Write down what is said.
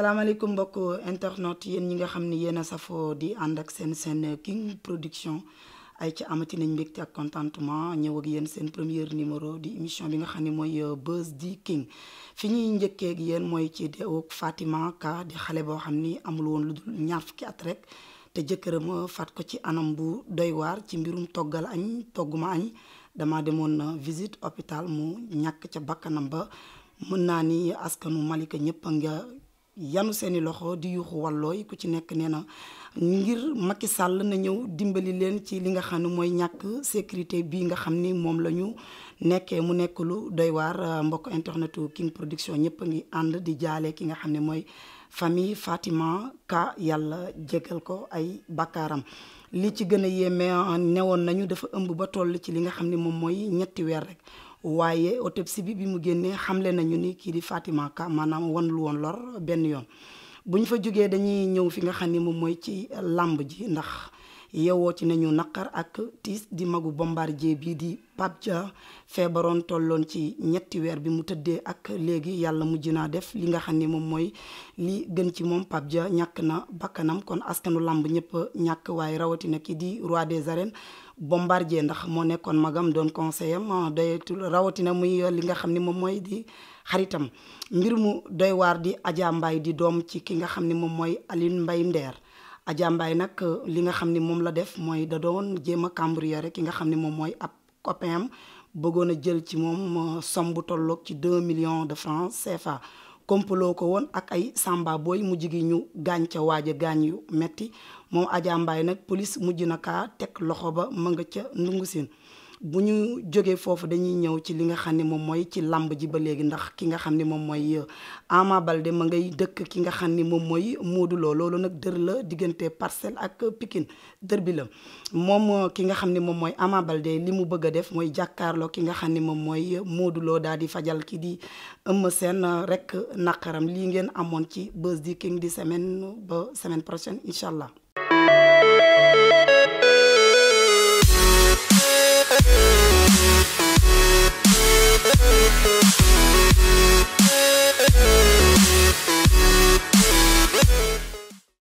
salaamaaleykum mbokk internet yéen ñi nga xam ni yéen a safoo di ànd ak seen seen King Production ay ci amati nañ mbégte ak contentement ñëw ak yéen seen premier numéro di émission bi nga xam ne mooy euh, Buzz di King fi ñuy njëkkeek ak yéen mooy ci deewu Fatima Ka di xale boo xam ni amul woon lu dul ñaar fukki at rek te jëkkëram euh, fat ko ci anam bu doy waar ci mbirum toggal añ togguma añ dama demoon euh, visite hôpital mu ñàkk ca bakkanam ba mën naa ni askanu Malika ñëpp nga yanu seeni loxo di yuuxu wàllooy ku ci nekk nee na ngir makki sàll na ñëw dimbali leen ci li nga xam ne mooy ñàkk sécurité bii nga xam ni moom la ñu nekkee mu nekk lu doy waar euh, mbokk internetu King Production ñëpp a ngi ànd di jaale ki nga xam ne mooy famille Fatima Ka yàlla jégal ko ay bakkaaram li ci gën a yéeme euh, newoon nañu dafa ëmb ba toll ci li nga xam ni moom mooy ñetti weer rek waaye autopsie bi bi mu génnee xamle nañu ni kii di fatiment Ka maanaam wan lu woon lor benn yoon bu ñu fa jógee dañuy ñëw fi nga xam ni moom mooy ci làmb ji ndax yeewoo ci nañu naqar ak tiis di magu bombardier bi di Pape Dia feebaroon tolloon ci ñetti weer bi mu tëddee ak léegi yàlla mujj naa def li nga xam ni moom mooy li gën ci moom Pape Dia ñàkk na bakkanam kon askanu làmb ñëpp ñàkk waaye rawatina ki di roi des arènes bombardier ndax moo nekkoon magam doon conseiller am ah, rawatina muy li nga xam ni moom mooy di xaritam mbir mu doy waar di Adja di doom ci ki nga xam ni moom mooy Aline Mbaye ndeer Adja Mbaye nag euh, li nga xam ni moom la def mooy da doon jéem a cambriolé rek ki nga xam ni moom mooy ab copain am bëggoon a jël ci moom euh, somme bu tolloog ci 2 millions de francs CFA. kompaloo ko woon ak ay samba booy mujj gi ñu gaañ ca waaja gaañ yu metti moom Adja nag police mujj na kaa teg loxo ba mën nga ca ndungu siin bu ñu jógee foofu dañuy ñëw ci li nga xam ne moom mooy ci làmb ji ba léegi ndax ki nga xam ne moom mooy euh, Ama Baldé ma ngay dëkk ki nga xam ni moom mooy Modou loolu nag dër la diggante Parcelles ak Pikine dër bi la moom euh, ki nga xam ne moom mooy Ama Baldé li mu bëgg a def mooy jàkkaarloo ki nga xam ni moom mooy euh, Modou Lo daal di fajal ki di Eumeu seen rek naqaram lii ngeen amoon ci Buzz di King di semaine ba semaine prochaine incha allah